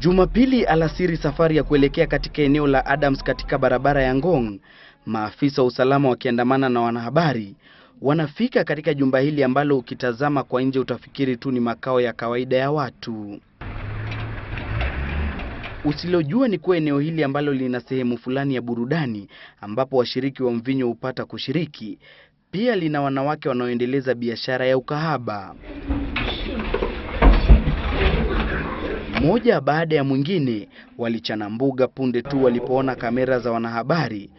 Jumapili alasiri, safari ya kuelekea katika eneo la Adams katika barabara ya Ngong, maafisa wa usalama wakiandamana na wanahabari wanafika katika jumba hili ambalo ukitazama kwa nje utafikiri tu ni makao ya kawaida ya watu. Usilojua ni kuwa eneo hili ambalo lina sehemu fulani ya burudani ambapo washiriki wa mvinyo hupata kushiriki, pia lina wanawake wanaoendeleza biashara ya ukahaba. Mmoja baada ya mwingine walichana mbuga punde tu walipoona kamera za wanahabari.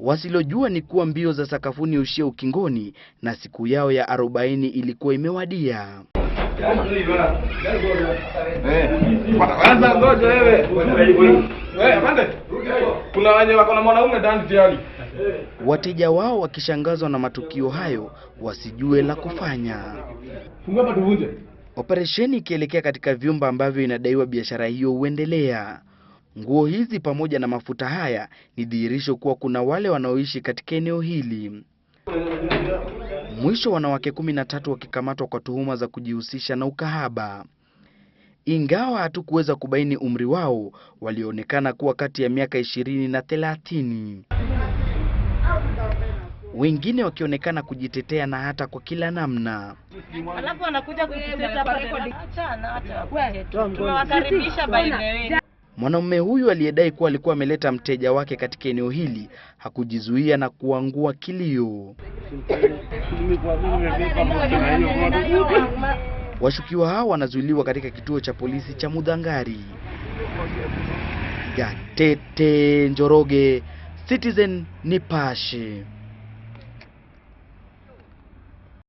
Wasilojua ni kuwa mbio za sakafuni ushia ukingoni na siku yao ya arobaini ilikuwa imewadia. Wateja wao wakishangazwa na matukio hayo wasijue la kufanya. Operesheni ikielekea katika vyumba ambavyo inadaiwa biashara hiyo huendelea. Nguo hizi pamoja na mafuta haya ni dhihirisho kuwa kuna wale wanaoishi katika eneo hili. Mwisho, wanawake kumi na tatu wakikamatwa kwa tuhuma za kujihusisha na ukahaba. Ingawa hatukuweza kubaini umri wao, walionekana kuwa kati ya miaka ishirini na thelathini wengine wakionekana kujitetea na hata kwa kila namna. Alafu tunawakaribisha Mwanamume huyu aliyedai kuwa alikuwa ameleta mteja wake katika eneo hili hakujizuia na kuangua kilio. Washukiwa hao wanazuiliwa katika kituo cha polisi cha Mudhangari. Gatete Njoroge, Citizen Nipashe.